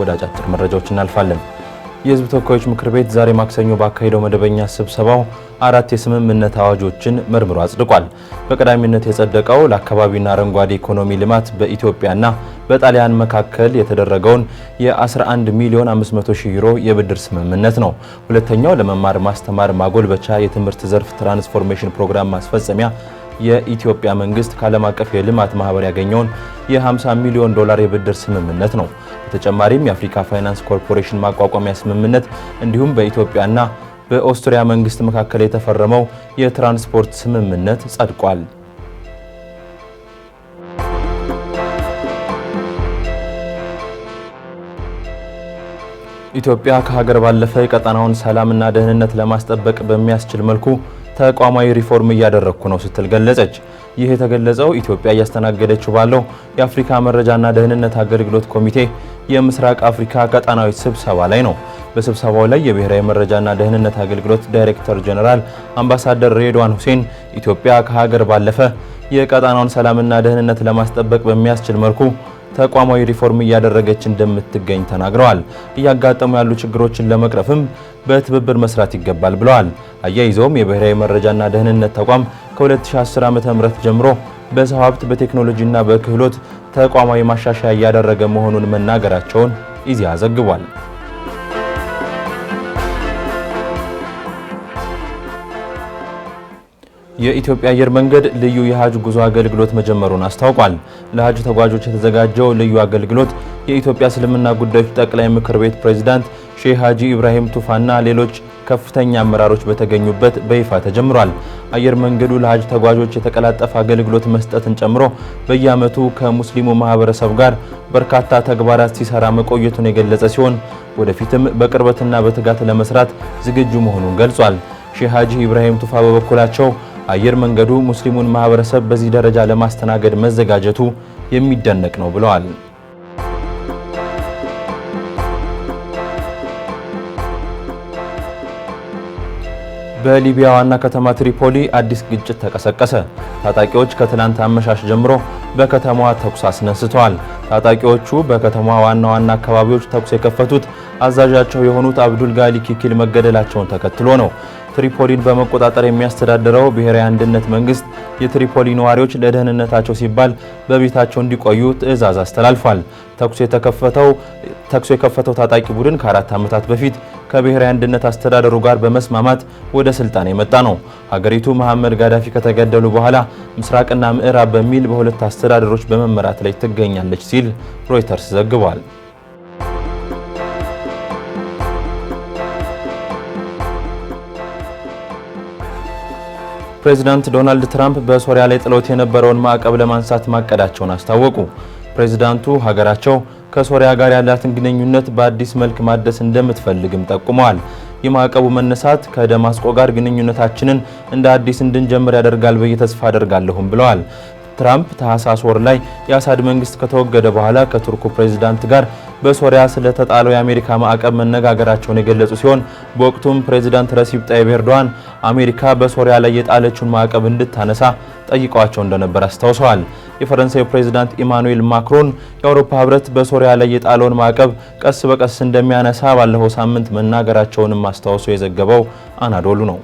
ወደ አጫጭር መረጃዎች እናልፋለን። የህዝብ ተወካዮች ምክር ቤት ዛሬ ማክሰኞ ባካሄደው መደበኛ ስብሰባው አራት የስምምነት አዋጆችን መርምሮ አጽድቋል። በቀዳሚነት የጸደቀው ለአካባቢና አረንጓዴ ኢኮኖሚ ልማት በኢትዮጵያና በጣሊያን መካከል የተደረገውን የ11 ሚሊዮን 500 ሺህ ዩሮ የብድር ስምምነት ነው። ሁለተኛው ለመማር ማስተማር ማጎልበቻ የትምህርት ዘርፍ ትራንስፎርሜሽን ፕሮግራም ማስፈጸሚያ የኢትዮጵያ መንግስት ከዓለም አቀፍ የልማት ማህበር ያገኘውን የ50 ሚሊዮን ዶላር የብድር ስምምነት ነው። በተጨማሪም የአፍሪካ ፋይናንስ ኮርፖሬሽን ማቋቋሚያ ስምምነት እንዲሁም በኢትዮጵያና በኦስትሪያ መንግስት መካከል የተፈረመው የትራንስፖርት ስምምነት ጸድቋል። ኢትዮጵያ ከሀገር ባለፈ የቀጠናውን ሰላምና ደህንነት ለማስጠበቅ በሚያስችል መልኩ ተቋማዊ ሪፎርም እያደረግኩ ነው ስትል ገለጸች። ይህ የተገለጸው ኢትዮጵያ እያስተናገደችው ባለው የአፍሪካ መረጃና ደህንነት አገልግሎት ኮሚቴ የምስራቅ አፍሪካ ቀጣናዊ ስብሰባ ላይ ነው። በስብሰባው ላይ የብሔራዊ መረጃና ደህንነት አገልግሎት ዳይሬክተር ጀነራል አምባሳደር ሬድዋን ሁሴን ኢትዮጵያ ከሀገር ባለፈ የቀጣናውን ሰላምና ደህንነት ለማስጠበቅ በሚያስችል መልኩ ተቋማዊ ሪፎርም እያደረገች እንደምትገኝ ተናግረዋል። እያጋጠሙ ያሉ ችግሮችን ለመቅረፍም በትብብር መስራት ይገባል ብለዋል። አያይዘውም የብሔራዊ መረጃና ደህንነት ተቋም ከ2010 ዓ.ም ጀምሮ በሰው ሀብት በቴክኖሎጂና በክህሎት ተቋማዊ ማሻሻያ እያደረገ መሆኑን መናገራቸውን ኢዜአ ዘግቧል። የኢትዮጵያ አየር መንገድ ልዩ የሀጅ ጉዞ አገልግሎት መጀመሩን አስታውቋል። ለሀጅ ተጓዦች የተዘጋጀው ልዩ አገልግሎት የኢትዮጵያ እስልምና ጉዳዮች ጠቅላይ ምክር ቤት ፕሬዝዳንት ሼህ ሀጂ ኢብራሂም ቱፋና ሌሎች ከፍተኛ አመራሮች በተገኙበት በይፋ ተጀምሯል። አየር መንገዱ ለሀጅ ተጓዦች የተቀላጠፈ አገልግሎት መስጠትን ጨምሮ በየዓመቱ ከሙስሊሙ ማህበረሰብ ጋር በርካታ ተግባራት ሲሰራ መቆየቱን የገለጸ ሲሆን ወደፊትም በቅርበትና በትጋት ለመስራት ዝግጁ መሆኑን ገልጿል። ሼህ ሀጂ ኢብራሂም ቱፋ በበኩላቸው አየር መንገዱ ሙስሊሙን ማህበረሰብ በዚህ ደረጃ ለማስተናገድ መዘጋጀቱ የሚደነቅ ነው ብለዋል። በሊቢያ ዋና ከተማ ትሪፖሊ አዲስ ግጭት ተቀሰቀሰ። ታጣቂዎች ከትናንት አመሻሽ ጀምሮ በከተማዋ ተኩስ አስነስተዋል። ታጣቂዎቹ በከተማዋ ዋና ዋና አካባቢዎች ተኩስ የከፈቱት አዛዣቸው የሆኑት አብዱል ጋሊ ኪኪል መገደላቸውን ተከትሎ ነው። ትሪፖሊን በመቆጣጠር የሚያስተዳድረው ብሔራዊ አንድነት መንግስት የትሪፖሊ ነዋሪዎች ለደህንነታቸው ሲባል በቤታቸው እንዲቆዩ ትዕዛዝ አስተላልፏል። ተኩስ የከፈተው ታጣቂ ቡድን ከአራት ዓመታት በፊት ከብሔራዊ አንድነት አስተዳደሩ ጋር በመስማማት ወደ ስልጣን የመጣ ነው። ሀገሪቱ መሐመድ ጋዳፊ ከተገደሉ በኋላ ምስራቅና ምዕራብ በሚል በሁለት አስተዳደሮች በመመራት ላይ ትገኛለች ሲል ሮይተርስ ዘግቧል። ፕሬዚዳንት ዶናልድ ትራምፕ በሶሪያ ላይ ጥሎት የነበረውን ማዕቀብ ለማንሳት ማቀዳቸውን አስታወቁ። ፕሬዚዳንቱ ሀገራቸው ከሶሪያ ጋር ያላትን ግንኙነት በአዲስ መልክ ማደስ እንደምትፈልግም ጠቁመዋል። የማዕቀቡ መነሳት ከደማስቆ ጋር ግንኙነታችንን እንደ አዲስ እንድንጀምር ያደርጋል ብዬ ተስፋ አደርጋለሁም ብለዋል። ትራምፕ ታህሳስ ወር ላይ የአሳድ መንግስት ከተወገደ በኋላ ከቱርኩ ፕሬዚዳንት ጋር በሶሪያ ስለተጣለው የአሜሪካ ማዕቀብ መነጋገራቸውን የገለጹ ሲሆን በወቅቱም ፕሬዚዳንት ረሲብ ጣይብ ኤርዶዋን አሜሪካ በሶሪያ ላይ የጣለችውን ማዕቀብ እንድታነሳ ጠይቀዋቸው እንደነበር አስታውሰዋል። የፈረንሳዩ ፕሬዚዳንት ኢማኑኤል ማክሮን የአውሮፓ ህብረት በሶሪያ ላይ የጣለውን ማዕቀብ ቀስ በቀስ እንደሚያነሳ ባለፈው ሳምንት መናገራቸውንም አስታውሶ የዘገበው አናዶሉ ነው።